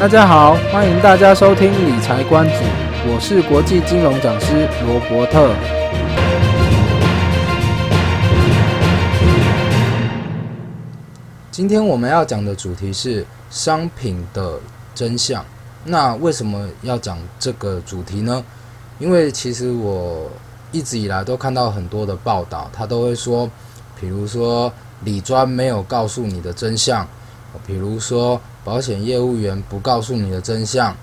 大家好，歡迎大家收聽理財觀止。我是國際金融講師羅伯特。今天我們要講的主題是商品的真相。那為什麼要講這個主題呢？因為其實我一直以來都看到很多的報道，他都會說，比如說理專沒有告訴你的真相，比如說。保險業務員不告訴你的真相，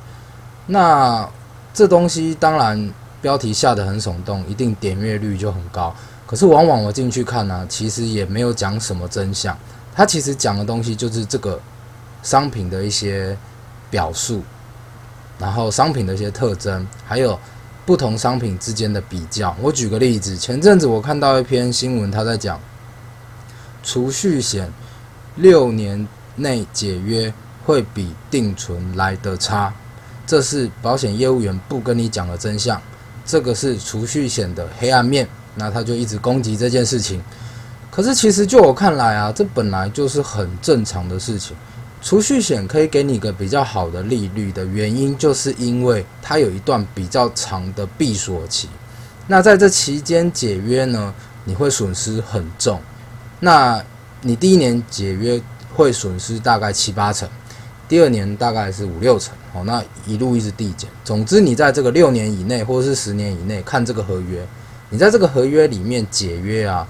那這東西當然標題下得很聳動，一定點閱率就很高。可是往往我進去看呢、啊，其實也沒有講什麼真相，他其實講的東西就是這個商品的一些表述，然後商品的一些特徵，還有不同商品之間的比較。我舉個例子，前陣子我看到一篇新聞，他在講儲蓄險六年內解約，會比定存來得差，這是保險業務員不跟你講的真相，這個是儲蓄險的黑暗面，那他就一直攻擊這件事情。可是其實就我看來啊，這本來就是很正常的事情。儲蓄險可以給你個比較好的利率的原因，就是因為它有一段比較長的閉鎖期。那在這期間解約呢，你會損失很重。那你第一年解約會損失大概七八成。第二年大概是五六成，好，那一路一直遞減。總之，你在這個六年以內，或者是十年以內看這個合約，你在這個合約裡面解約啊，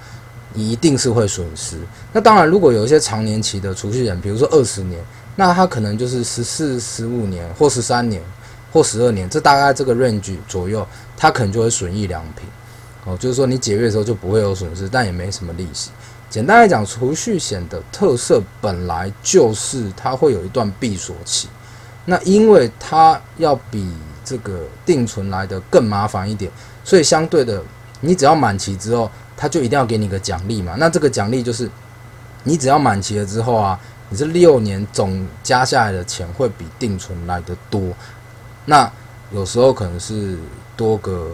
你一定是會損失。那當然，如果有一些長年期的儲蓄險，比如說二十年，那他可能就是十四、十五年或十三年或十二年，這大概這個 range 左右，他可能就會損益兩平，哦，就是說你解約的時候就不會有損失，但也沒什麼利息。簡單來講，儲蓄險的特色本來就是它會有一段閉鎖期，那因為它要比這個定存來的更麻煩一點，所以相對的，你只要滿期之後，它就一定要給你個獎勵嘛。那這個獎勵就是，你只要滿期了之後啊，你這六年總加下來的錢會比定存來的多，那有時候可能是多個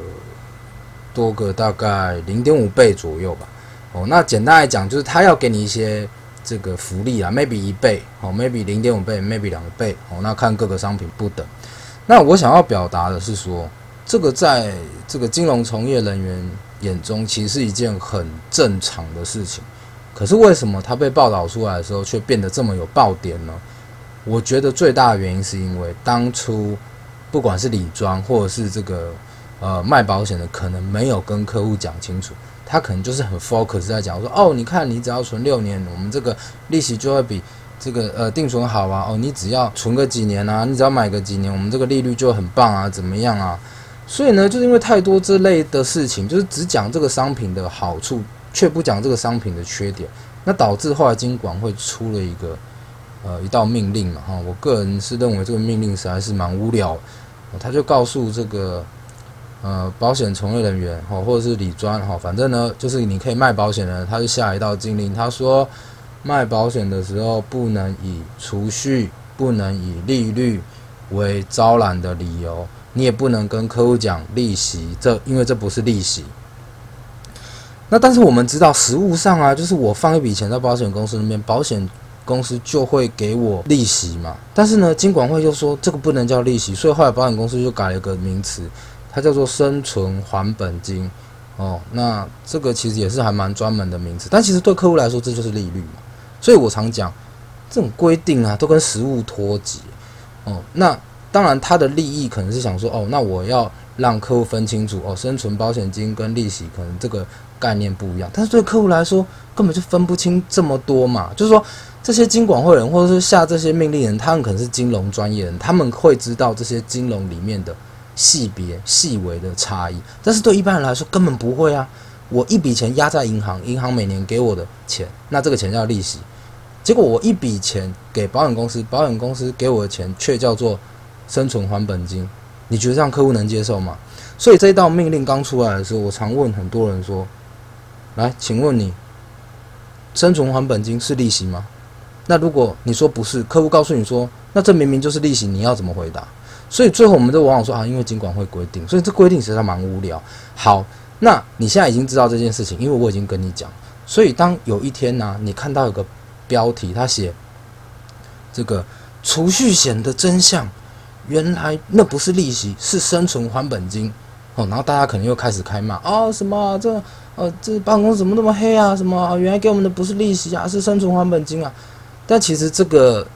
多個大概0.5倍左右吧。哦，那簡單來講，就是他要給你一些這個福利啊，maybe 一倍，好、哦，maybe 零點五倍，maybe 兩倍，好、哦，那看各個商品不等。那我想要表達的是說，這個在這個金融從業人員眼中，其實是一件很正常的事情。可是為什麼他被報道出來的時候，卻變得這麼有爆點呢？我覺得最大的原因是因為當初不管是理專或者是這個呃賣保險的，可能沒有跟客戶講清楚。他可能就是很 focus 在講說，哦，你看你只要存六年，我們這個利息就會比這個呃定存好啊。哦，你只要存個幾年啊，你只要買個幾年，我們這個利率就很棒啊，怎麼樣啊？所以呢，就是因為太多這類的事情，就是只講這個商品的好處，卻不講這個商品的缺點，那導致後來金管會出了一個呃一道命令嘛、啊、哈。我個人是認為這個命令實在是蠻無聊、哦，他就告訴這個。呃，保險從業人員哈，或者是理專哈，反正呢，就是你可以賣保險的，他就下一道禁令，他說賣保險的時候不能以儲蓄，不能以利率為招攬的理由，你也不能跟客戶講利息，這因為這不是利息。那但是我們知道，實務上啊，就是我放一筆錢在保險公司裡面，保險公司就會給我利息嘛。但是呢，金管會又說這個不能叫利息，所以後來保險公司就改了個名詞。它叫做生存還本金，哦，那這個其實也是還蠻專門的名詞，但其實對客戶來說，這就是利率嘛。所以我常講，這種規定啊，都跟實務脫節。哦，那當然，他的利益可能是想說，哦，那我要讓客戶分清楚，哦，生存保險金跟利息可能這個概念不一樣，但是對客戶來說，根本就分不清這麼多嘛。就是說，這些金管會人，或者是下這些命令人，他們可能是金融專業人，他們會知道這些金融裡面的。細別細微的差異，但是對一般人來說根本不會啊！我一筆錢壓在銀行，銀行每年給我的錢，那這個錢叫利息。結果我一筆錢給保險公司，保險公司給我的錢卻叫做生存還本金。你覺得這樣客戶能接受嗎？所以這一道命令剛出來的時候，我常問很多人說：“來，請問你生存還本金是利息嗎？”那如果你說不是，客戶告訴你說：“那這明明就是利息。”你要怎麼回答？所以最後我們都往往說啊，因為金管會規定，所以這規定其實蠻無聊。好，那你現在已經知道這件事情，因為我已經跟你講。所以當有一天呢、啊，你看到有個標題，他寫這個儲蓄險的真相，原來那不是利息，是生存還本金哦。然後大家可能又開始開罵啊、哦，什麼、啊、這呃這辦公室怎麼那麼黑啊？什麼、啊、原來給我們的不是利息啊，是生存還本金啊？但其實這個。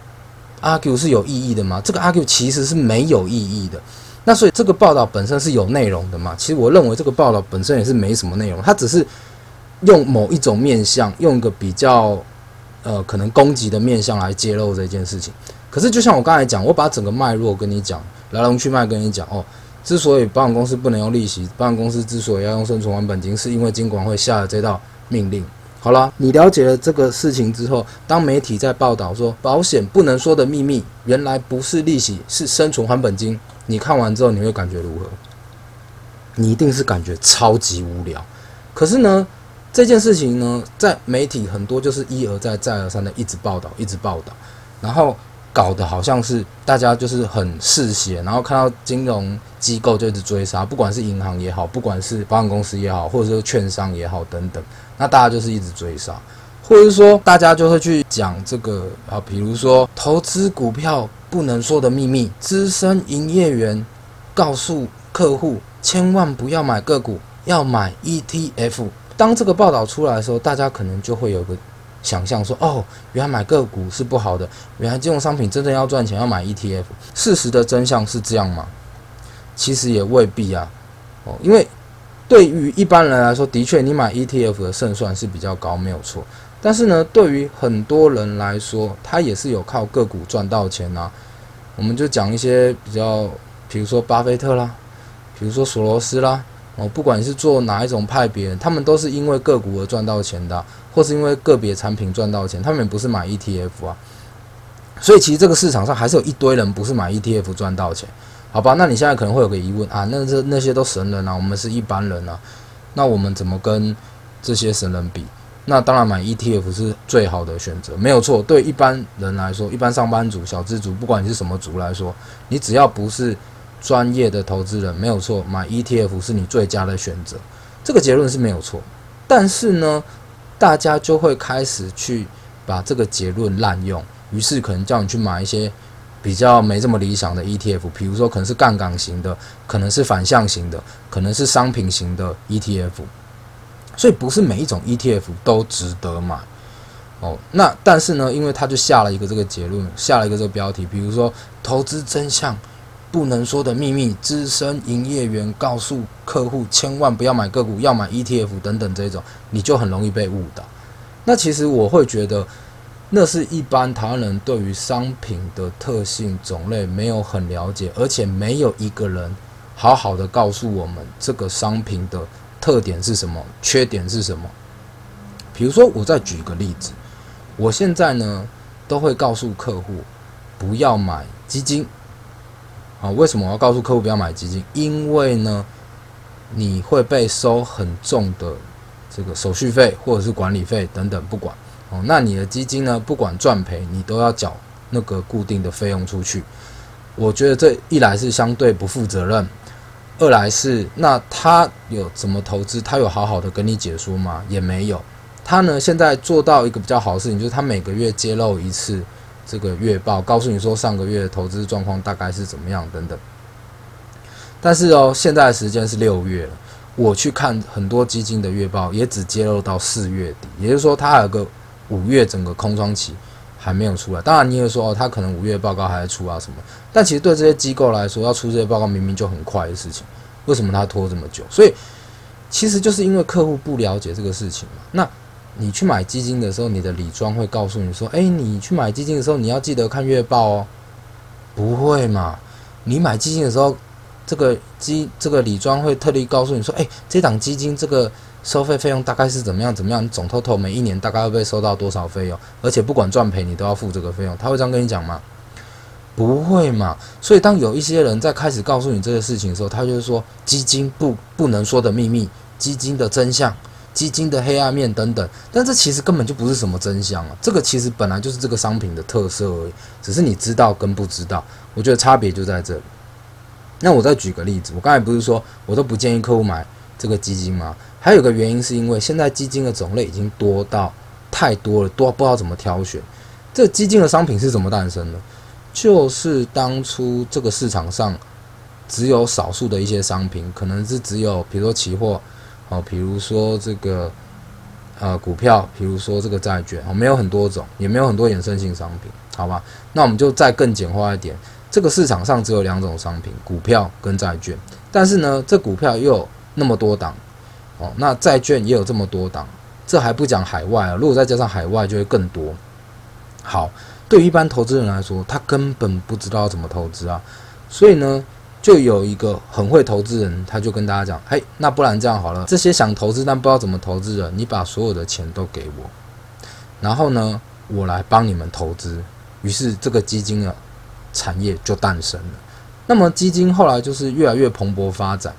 argue 是有意義的嗎？這個 argue 其實是沒有意義的。那所以這個報道本身是有內容的嘛？其實我認為這個報道本身也是沒什麼內容，它只是用某一種面向，用一個比較呃可能攻擊的面向來揭露這件事情。可是就像我剛才講，我把整個脈絡跟你講，來龍去脈跟你講。哦，之所以保險公司不能用利息，保險公司之所以要用生存還本金，是因為金管會下了這道命令。好了，你了解了這個事情之後，當媒體在報道說保險不能說的秘密，原來不是利息，是生存還本金。你看完之後，你會感覺如何？你一定是感覺超級無聊。可是呢，這件事情呢，在媒體很多就是一而再、再而三的一直報道，一直報道，然後搞得好像是大家就是很嗜血，然後看到金融機構就一直追殺，不管是銀行也好，不管是保險公司也好，或者說券商也好等等。那大家就是一直追殺，或者說，大家就會去講這個。好，比如說，投資股票不能說的秘密，資深營業員告訴客戶，千萬不要買個股，要買 ETF。當這個報道出來的時候，大家可能就會有個想象，說哦，原來買個股是不好的，原來金融商品真正要賺錢要買 ETF。事實的真相是這樣嗎？其實也未必啊，哦，因為。對於一般人來說，的確，你買 ETF 的勝算是比較高，沒有錯。但是呢，對於很多人來說，他也是有靠個股賺到錢吶、啊。我們就講一些比較，比如說巴菲特啦，比如說索羅斯啦，哦，不管你是做哪一種派別人，他們都是因為個股而賺到錢的，或是因為個別產品賺到錢，他們也不是買 ETF 啊。所以其實這個市場上還是有一堆人不是買 ETF 賺到錢。好吧，那你現在可能會有個疑問啊，那這那些都神人啊，我們是一般人啊，那我們怎麼跟這些神人比？那當然買 ETF 是最好的選擇，沒有錯。對一般人來說，一般上班族、小資族，不管你是什麼族來說，你只要不是專業的投資人，沒有錯，買 ETF 是你最佳的選擇。這個結論是沒有錯，但是呢，大家就會開始去把這個結論濫用，於是可能叫你去買一些。比較沒這麼理想的 ETF，比如說可能是槓桿型的，可能是反向型的，可能是商品型的 ETF，所以不是每一種 ETF 都值得買哦。那但是呢，因為他就下了一個這個結論，下了一個這個標題，比如說“投資真相不能說的秘密”，資深營業員告訴客戶千萬不要買個股，要買 ETF 等等這種，你就很容易被誤導。那其實我會覺得。那是一般台灣人對於商品的特性種類沒有很了解，而且沒有一個人好好的告訴我們這個商品的特點是什麼、缺點是什麼。比如說，我再舉一個例子，我現在呢都會告訴客戶不要買基金。啊，為什麼我要告訴客戶不要買基金？因為呢，你會被收很重的這個手續費或者是管理費等等，不管。那你的基金呢？不管賺賠，你都要繳那個固定的費用出去。我覺得這一來是相對不負責任，二來是那他有怎麼投資？他有好好的跟你解說嗎？也沒有。他呢，現在做到一個比較好的事情，就是他每個月揭露一次這個月報，告訴你說上個月的投資狀況大概是怎麼樣等等。但是哦，現在的時間是六月了，我去看很多基金的月報，也只揭露到四月底，也就是說，他還有個。五月整個空窗期還沒有出來，當然你也說哦，他可能五月報告還在出啊什麼，但其實對這些機構來說，要出這些報告明明就很快的事情，為什麼他拖這麼久？所以其實就是因為客戶不了解這個事情嘛。那你去買基金的時候，你的理專會告訴你說，哎、欸，你去買基金的時候，你要記得看月報哦。不會嘛？你買基金的時候，這個基這個理專會特地告訴你說，哎、欸，這檔基金這個。收費費用大概是怎麼樣？怎麼樣？你總共每一年大概會被收到多少費用？而且不管賺賠，你都要付這個費用。他會這樣跟你講嗎？不會嘛。所以當有一些人在開始告訴你這個事情的時候，他就是說基金不不能說的秘密，基金的真相，基金的黑暗面等等。但這其實根本就不是什麼真相啊！這個其實本來就是這個商品的特色而已，只是你知道跟不知道。我覺得差別就在這裡。那我再舉個例子，我剛才不是說我都不建議客戶買。這個基金嘛，還有一個原因是因為現在基金的種類已經多到太多了，多不知道怎麼挑選。這基金的商品是怎麼誕生的？就是當初這個市場上只有少數的一些商品，可能是只有比如說期貨，哦，比如說這個呃股票，比如說這個債券，哦，沒有很多種，也沒有很多衍生性商品，好吧？那我們就再更簡化一點，這個市場上只有兩種商品：股票跟債券。但是呢，這股票又那麼多檔，哦，那債券也有這麼多檔，這還不講海外啊。如果再加上海外，就會更多。好，對於一般投資人來說，他根本不知道怎麼投資啊。所以呢，就有一個很會投資人，他就跟大家講：“嘿，那不然這樣好了，這些想投資但不知道怎麼投資的，你把所有的錢都給我，然後呢，我來幫你們投資。”於是這個基金啊，產業就誕生了。那麼基金後來就是越來越蓬勃發展。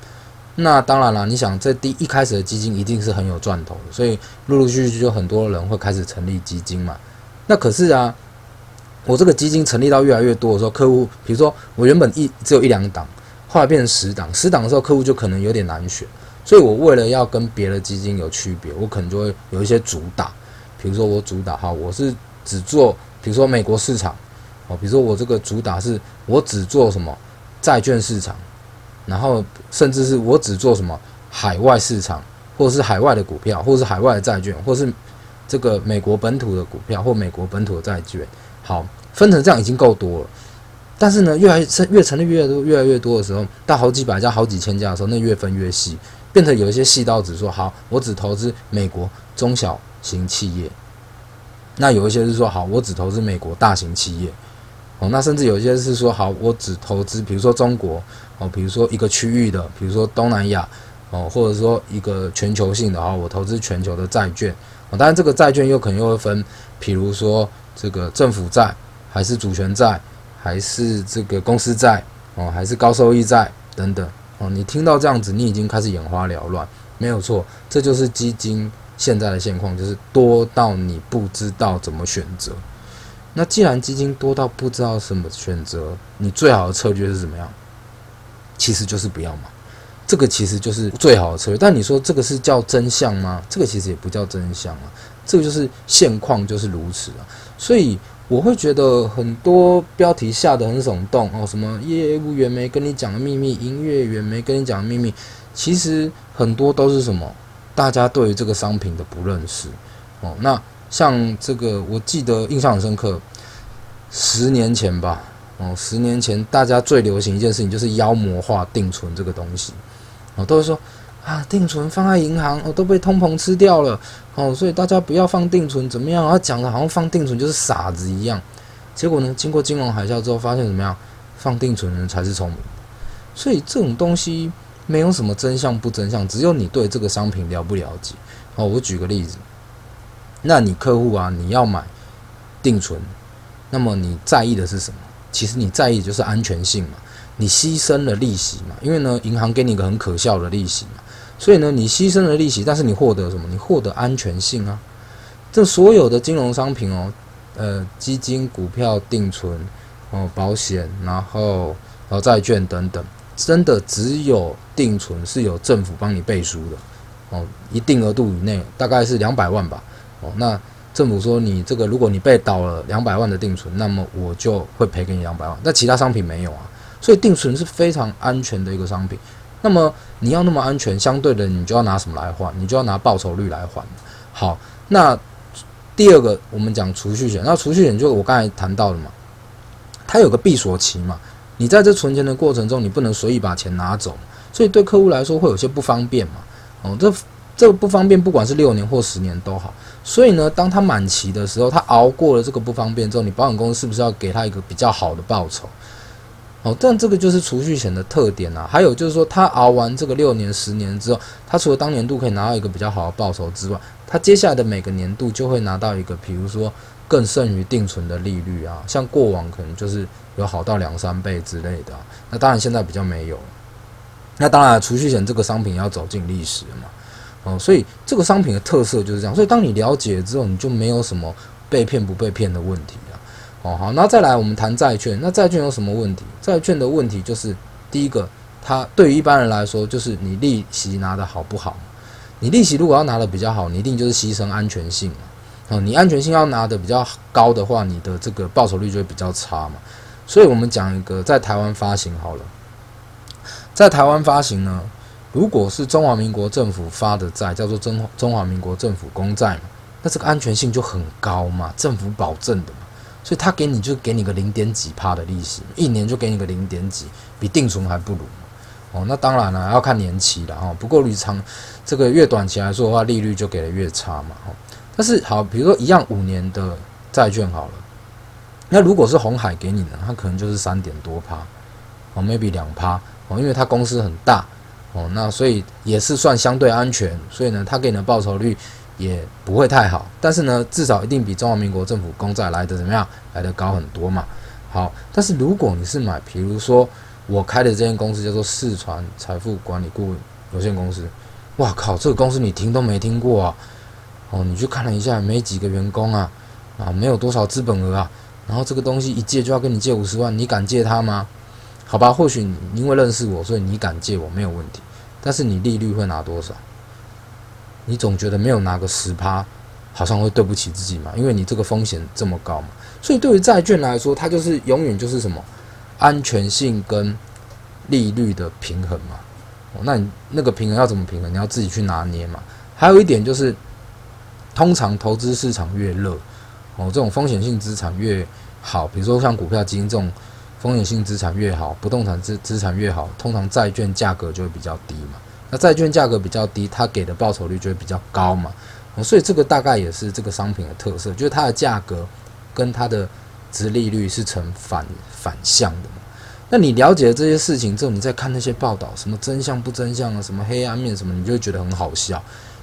那當然了，你想這第一開始的基金一定是很有賺頭的，所以陸陸續續就很多人會開始成立基金嘛。那可是啊，我這個基金成立到越來越多的時候，客戶比如說我原本一只有一兩檔，後來變成十檔，十檔的時候客戶就可能有點難選，所以我為了要跟別的基金有區別，我可能就會有一些主打，比如說我主打哈，我是只做，比如說美國市場，哦，比如說我這個主打是我只做什麼債券市場。然後，甚至是我只做什麼海外市場，或是海外的股票，或是海外的債券，或是這個美國本土的股票或美國本土的債券。好，分成這樣已經夠多了。但是呢，越來越成越成立越越多越來越多的時候，到好幾百家、好幾千家的時候，那越分越細，變成有一些細到只說好，我只投資美國中小型企業。那有一些是說好，我只投資美國大型企業。哦，那甚至有一些是說好，我只投資，比如說中國。哦，比如說一個區域的，比如說東南亞，哦，或者說一個全球性的，哦，我投資全球的債券，哦，當然這個債券又可能又會分，比如說這個政府債，還是主權債，還是這個公司債，哦，還是高收益債等等，哦，你聽到這樣子，你已經開始眼花繚亂，沒有錯，這就是基金現在的現況，就是多到你不知道怎麼選擇。那既然基金多到不知道什麼選擇，你最好的策略是什麼樣？其實就是不要嘛，這個其實就是最好的策略。但你說這個是叫真相嗎？這個其實也不叫真相啊，這個就是現況，就是如此啊。所以我會覺得很多標題下得很聳動哦，什麼業務員沒跟你講的秘密，營業員，沒跟你講的秘密，其實很多都是什麼大家對於這個商品的不認識哦。那像這個，我記得印象很深刻，十年前吧。哦，十年前大家最流行一件事情就是妖魔化定存這個東西，哦，都是說啊，定存放在銀行，哦，都被通膨吃掉了，哦，所以大家不要放定存，怎麼樣？他，啊，講的好像放定存就是傻子一樣。結果呢，經過金融海嘯之後，發現怎麼樣？放定存人才是聰明的。所以這種東西沒有什麼真相不真相，只有你對這個商品了不了解。哦，我舉個例子，那你客戶啊，你要買定存，那麼你在意的是什麼？其實你在意就是安全性嘛，你犧牲了利息嘛，因為呢銀行給你一個很可笑的利息嘛，所以呢你犧牲了利息，但是你獲得什麼？你獲得安全性啊！這所有的金融商品哦，呃基金、股票、定存、哦保險，然後然後債券等等，真的只有定存是由政府幫你背書的哦，一定額度以內，大概是兩百萬吧哦那。政府說：“你這個，如果你被倒了兩百萬的定存，那麼我就會賠給你兩百萬。那其他商品沒有啊，所以定存是非常安全的一個商品。那麼你要那麼安全，相對的你就要拿什麼來換？你就要拿報酬率來換。好，那第二個我們講儲蓄險，那儲蓄險就是我剛才談到的嘛，它有個閉鎖期嘛，你在這存錢的過程中，你不能隨意把錢拿走，所以對客戶來說會有些不方便嘛。哦，這這不方便，不管是六年或十年都好。”所以呢，當他滿期的時候，他熬過了這個不方便之後，你保險公司是不是要給他一個比較好的報酬？哦，但這個就是儲蓄險的特點啊。還有就是說，他熬完這個六年、十年之後，他除了當年度可以拿到一個比較好的報酬之外，他接下來的每個年度就會拿到一個，比如說更勝於定存的利率啊，像過往可能就是有好到兩三倍之類的啊。那當然現在比較沒有。那當然，儲蓄險這個商品要走進歷史了嘛。哦，所以這個商品的特色就是這樣，所以當你了解之後，你就沒有什麼被騙不被騙的問題了。哦，好，那再來我們談債券，那債券有什麼問題？債券的問題就是第一個，它對於一般人來說，就是你利息拿得好不好？你利息如果要拿得比較好，你一定就是犧牲安全性。哦，你安全性要拿得比較高的話，你的這個報酬率就會比較差嘛。所以我們講一個在台灣發行好了，在台灣發行呢。如果是中華民國政府發的債，叫做中中華民國政府公債嘛，那這個安全性就很高嘛，政府保證的嘛，所以他給你就給你個零點幾趴的利息，一年就給你個零點幾，比定存還不如嘛。哦，那當然了、啊，要看年期了哈、哦。不過你長這個越短期來說的話，利率就給的越差嘛。哦，但是好，比如說一樣五年的債券好了，那如果是鴻海給你呢，它可能就是三點多趴，哦，maybe 兩趴，哦，因為它公司很大。哦，那所以也是算相對安全，所以呢，他給你的報酬率也不會太好，但是呢，至少一定比中華民國政府公債來的怎麼樣，來的高很多嘛。好，但是如果你是買，比如說我開的這間公司叫做四川財富管理顧問有限公司，哇靠，這個公司你聽都沒聽過啊。哦，你去看了一下，沒幾個員工啊，啊，沒有多少資本額啊，然後這個東西一借就要跟你借五十萬，你敢借他嗎？好吧，或許你因為認識我，所以你敢借我，沒有問題。但是你利率會拿多少？你總覺得沒有拿個十趴，好像會對不起自己嘛，因為你這個風險這麼高嘛。所以對於債券來說，它就是永遠就是什麼？安全性跟利率的平衡嘛。哦，那你那個平衡要怎麼平衡？你要自己去拿捏嘛。還有一點就是，通常投資市場越熱，哦，這種風險性資產越好，比如說像股票基金這種。風險性資產越好，不動產資資產越好，通常債券價格就會比較低嘛。那債券價格比較低，它給的報酬率就會比較高嘛，嗯。所以這個大概也是這個商品的特色，就是它的價格跟它的殖利率是成反反向的嘛。那你了解了這些事情之後，你再看那些報道，什麼真相不真相啊，什麼黑暗面什麼，你就會覺得很好笑，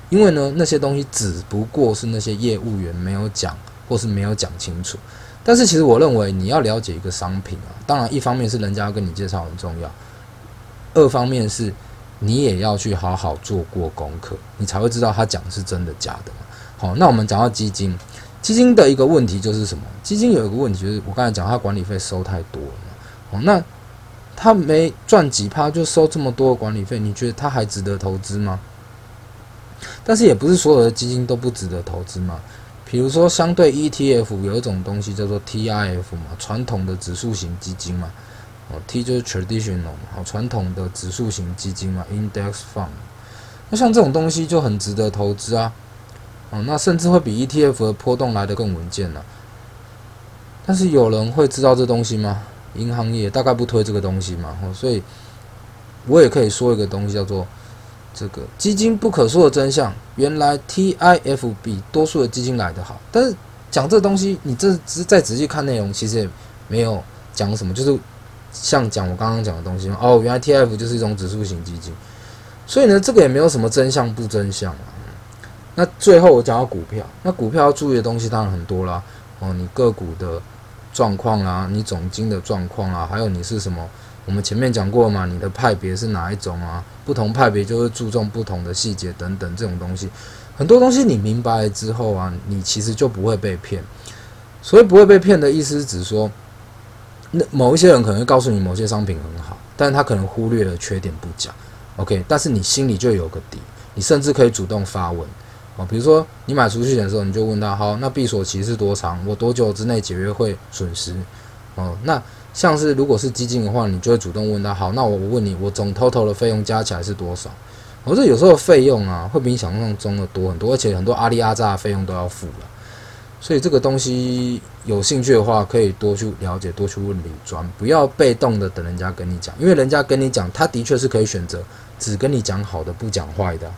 因為呢，那些東西只不過是那些業務員沒有講，或是沒有講清楚。但是其實我認為你要了解一個商品啊，當然一方面是人家要跟你介紹很重要，二方面是你也要去好好做過功課，你才會知道他講的是真的假的。好，那我們講到基金，基金的一個問題就是什麼？基金有一個問題就是我剛才講它管理費收太多了嘛。好，那他沒賺幾趴就收這麼多的管理費，你覺得他還值得投資嗎？但是也不是所有的基金都不值得投資嘛。比如說，相對 ETF 有一種東西叫做 TIF 嘛，傳統的指數型基金嘛，T 就是 traditional 嘛，傳統的指數型基金嘛，index fund。那像這種東西就很值得投資啊，那甚至會比 ETF 的波動來得更穩健呢。但是有人會知道這東西嗎？銀行業大概不推這個東西嘛，所以我也可以說一個東西叫做。這個基金不可說的真相，原來 TIF 比多數的基金來得好。但是講這東西，你這只是再仔細看內容，其實也沒有講什麼，就是像講我剛剛講的東西哦，原來 TIF 就是一種指數型基金，所以呢，這個也沒有什麼真相不真相嘛、啊。那最後我講到股票，那股票要注意的東西當然很多啦。哦，你個股的狀況啊，你總經的狀況啊，還有你是什麼？我們前面講過嘛，你的派別是哪一種啊？不同派別就是注重不同的細節等等這種東西，很多東西你明白了之後啊，你其實就不會被騙。所以不會被騙的意思，只是指說，那某一些人可能會告訴你某些商品很好，但他可能忽略了缺點不講，OK？但是你心裡就有個底，你甚至可以主動發問，啊，比如說你買儲蓄險的時候，你就問他，好，那閉鎖期是多長？我多久之內解約會損失？哦，那。像是如果是基金的話，你就會主動問他：好，那我我問你，我總 total 的費用加起來是多少？我說有時候費用啊，會比你想象中的多很多，而且很多阿里阿雜的費用都要付了，啊。所以這個東西有興趣的話，可以多去了解，多去問理專，不要被動的等人家跟你講，因為人家跟你講，他的確是可以選擇只跟你講好的，不講壞的，啊，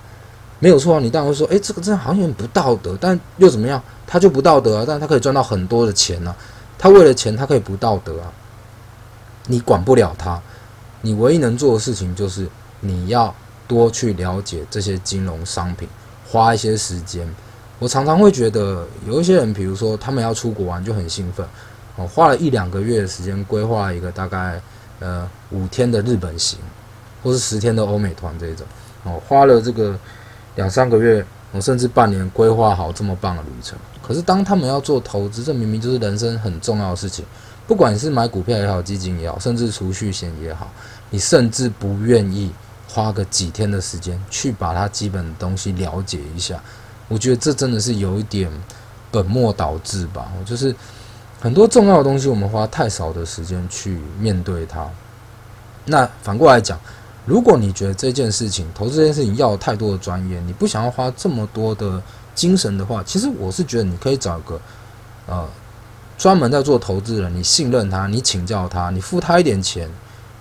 沒有錯，啊。你當然會說：哎，欸，這個真的好像很不道德，但又怎麼樣？他就不道德啊，但他可以賺到很多的錢呢，啊。他為了錢，他可以不道德啊。你管不了他，你唯一能做的事情就是你要多去了解這些金融商品，花一些時間。我常常會覺得有一些人，比如說他們要出國玩就很興奮，哦，花了一兩個月的時間規劃一個大概呃五天的日本行，或是十天的歐美團這一種，哦，花了這個兩三個月，哦，甚至半年規劃好這麼棒的旅程。可是當他們要做投資，這明明就是人生很重要的事情。不管你是買股票也好，基金也好，甚至儲蓄險也好，你甚至不願意花個幾天的時間去把它基本的東西了解一下，我覺得這真的是有一點本末倒置吧。就是很多重要的東西，我們花太少的時間去面對它。那反過來講，如果你覺得這件事情、投資這件事情要太多的專業，你不想要花這麼多的精神的話，其實我是覺得你可以找個，呃……專門在做投資人，你信任他，你請教他，你付他一點錢，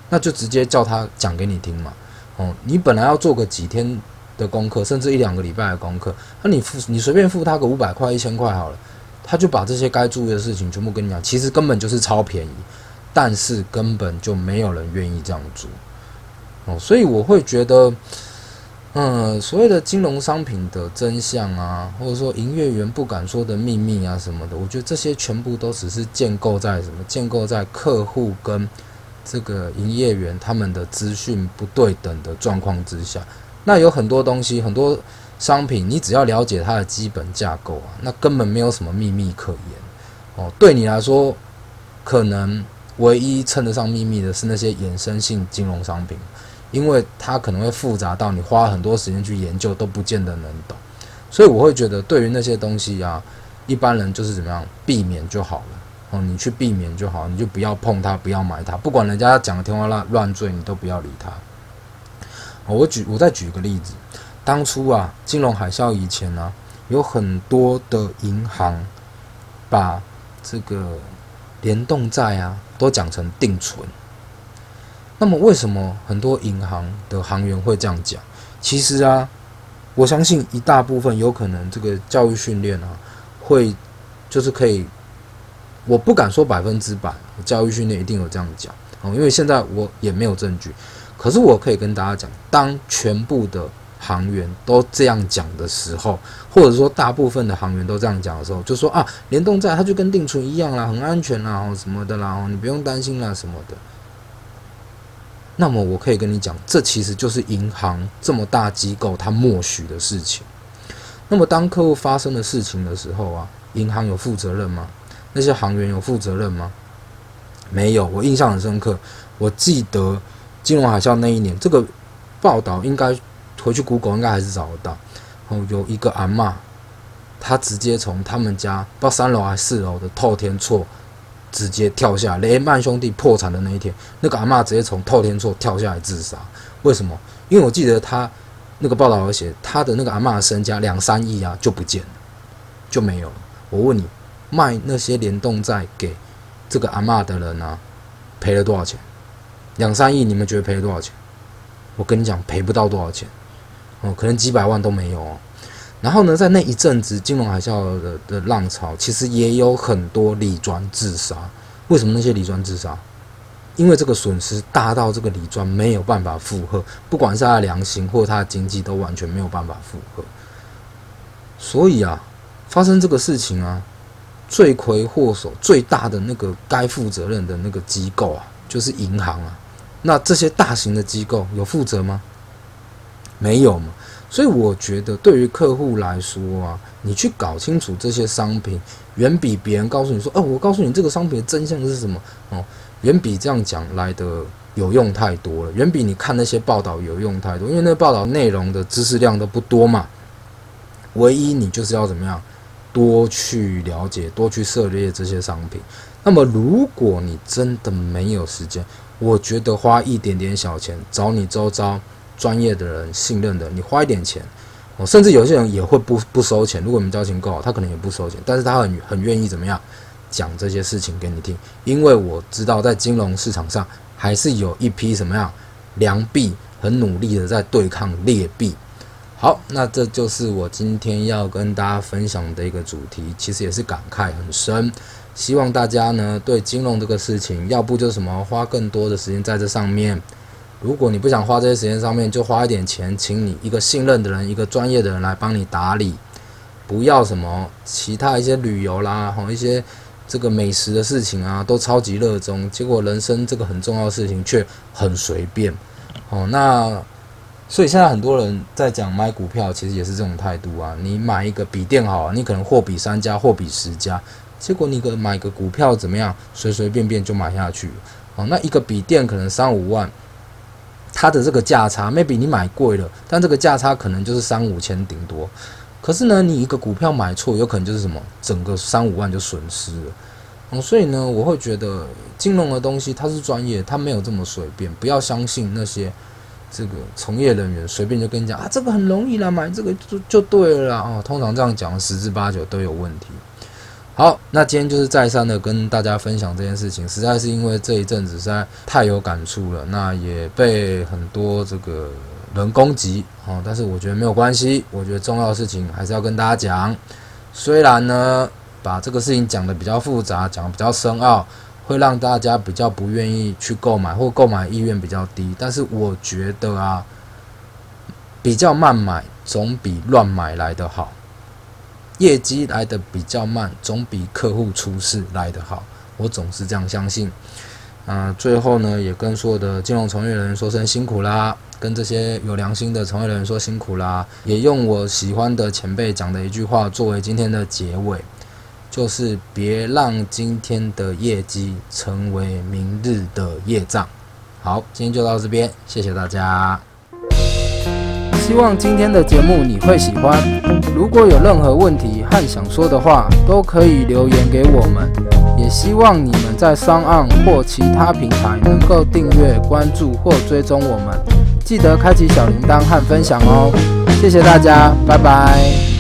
那就直接叫他講給你聽嘛。哦，你本來要做個幾天的功課，甚至一兩個禮拜的功課，那、啊、你付你隨便付他個五百塊、一千塊好了，他就把這些該注意的事情全部跟你講。其實根本就是超便宜，但是根本就沒有人願意這樣做。哦，所以我會覺得。嗯，所謂的金融商品的真相啊，或者說營業員不敢說的秘密啊什麼的，我覺得這些全部都只是建構在什麼？建構在客戶跟這個營業員他們的資訊不對等的狀況之下。那有很多東西，很多商品，你只要了解它的基本架構啊，那根本沒有什麼秘密可言。哦，對你來說，可能唯一稱得上秘密的是那些衍生性金融商品。因為它可能會複雜到你花很多時間去研究都不見得能懂，所以我會覺得對於那些東西啊，一般人就是怎麼樣避免就好了。哦，你去避免就好，你就不要碰它，不要買它，不管人家講的天花亂亂墜，你都不要理它。哦，我舉我再舉一個例子，當初啊金融海嘯以前呢，啊，有很多的銀行把這個聯動債啊都講成定存。那麼為什麼很多銀行的行員會這樣講？其實啊，我相信一大部分有可能這個教育訓練啊，會就是可以，我不敢說百分之百教育訓練一定有這樣講哦，因為現在我也沒有證據。可是我可以跟大家講，當全部的行員都這樣講的時候，或者說大部分的行員都這樣講的時候，就說啊，聯動債它就跟定存一樣啦，很安全啦，哦、什麼的啦、哦，你不用擔心啦，什麼的。那麼我可以跟你講，這其實就是銀行這麼大機構它默許的事情。那麼當客戶發生的事情的時候啊，銀行有負責任嗎？那些行員有負責任嗎？沒有。我印象很深刻，我記得金融海嘯那一年，這個報道應該回去 Google 應該還是找得到。然後有一個阿嬤，他直接從他們家到三樓還是四樓的透天厝，直接跳下來，雷曼兄弟破產的那一天，那個阿嬤直接從透天厝跳下來自殺。為什麼？因為我記得他那個報道有寫，他的那個阿嬤的身家兩三億啊，就不見了，就沒有了。我問你，賣那些聯動債給這個阿嬤的人啊，賠了多少錢？兩三億，你們覺得賠了多少錢？我跟你講，賠不到多少錢，哦、呃，可能幾百萬都沒有哦。然後呢，在那一陣子金融海嘯的的浪潮，其實也有很多理專自殺。為什麼那些理專自殺？因為這個損失大到這個理專沒有辦法負荷，不管是他的良心或他的經濟，都完全沒有辦法負荷。所以啊，發生這個事情啊，罪魁禍首最大的那個該負責任的那個機構啊，就是銀行啊。那這些大型的機構有負責嗎？沒有嘛。所以我覺得，對於客戶來說啊，你去搞清楚這些商品，遠比別人告訴你說，哦、呃，我告訴你這個商品的真相是什麼哦，遠比這樣講來的有用太多了，遠比你看那些報道有用太多。因為那個報道內容的知識量都不多嘛，唯一你就是要怎麼樣，多去了解，多去涉獵這些商品。那麼，如果你真的沒有時間，我覺得花一點點小錢找你周遭。專業的人信任的，你花一點錢，哦，甚至有些人也會不不收錢。如果你們交情夠好，他可能也不收錢，但是他很很願意怎麼樣講這些事情給你聽。因為我知道，在金融市場上，還是有一批什麼樣良幣很努力的在對抗劣幣。好，那這就是我今天要跟大家分享的一個主題，其實也是感慨很深。希望大家呢，對金融這個事情，要不就什麼花更多的時間在這上面。如果你不想花這些時間上面，就花一點錢，請你一個信任的人，一個專業的人來幫你打理，不要什麼其他一些旅遊啦，哦，一些這個美食的事情啊，都超級熱衷，結果人生這個很重要的事情卻很隨便，哦，那所以現在很多人在講買股票，其實也是這種態度啊。你買一個筆電好，你可能貨比三家，貨比十家，結果你可買個股票怎麼樣，隨隨便便就買下去，哦，那一個筆電可能三五萬。它的這個價差 maybe 你買貴了，但這個價差可能就是三五千頂多。可是呢，你一個股票買錯，有可能就是什麼，整個三五萬就損失了。嗯，所以呢，我會覺得金融的東西它是專業，它沒有這麼隨便。不要相信那些這個從業人員隨便就跟你講啊，這個很容易啦，買這個就就對了啊。通常這樣講，十之八九都有問題。好，那今天就是再三的跟大家分享這件事情，實在是因為這一陣子實在太有感觸了，那也被很多這個人攻擊哦，但是我覺得沒有關係，我覺得重要的事情還是要跟大家講。雖然呢，把這個事情講得比較複雜，講得比較深奧，會讓大家比較不願意去購買，或購買意願比較低，但是我覺得啊，比較慢買總比亂買來得好。業績來得比較慢，總比客戶出事來得好，我總是這樣相信。啊、呃，最後呢，也跟所有的金融從業人員說聲辛苦啦，跟這些有良心的從業人員說辛苦啦，也用我喜歡的前輩講的一句話作為今天的結尾，就是別讓今天的業績成為明日的業障。好，今天就到這邊，謝謝大家。希望今天的節目你會喜歡。如果有任何問題和想說的話，都可以留言給我們。也希望你們在 SoundOn 或其他平台能夠訂閱、關注或追蹤我們。記得開啟小鈴鐺和分享哦。謝謝大家，拜拜。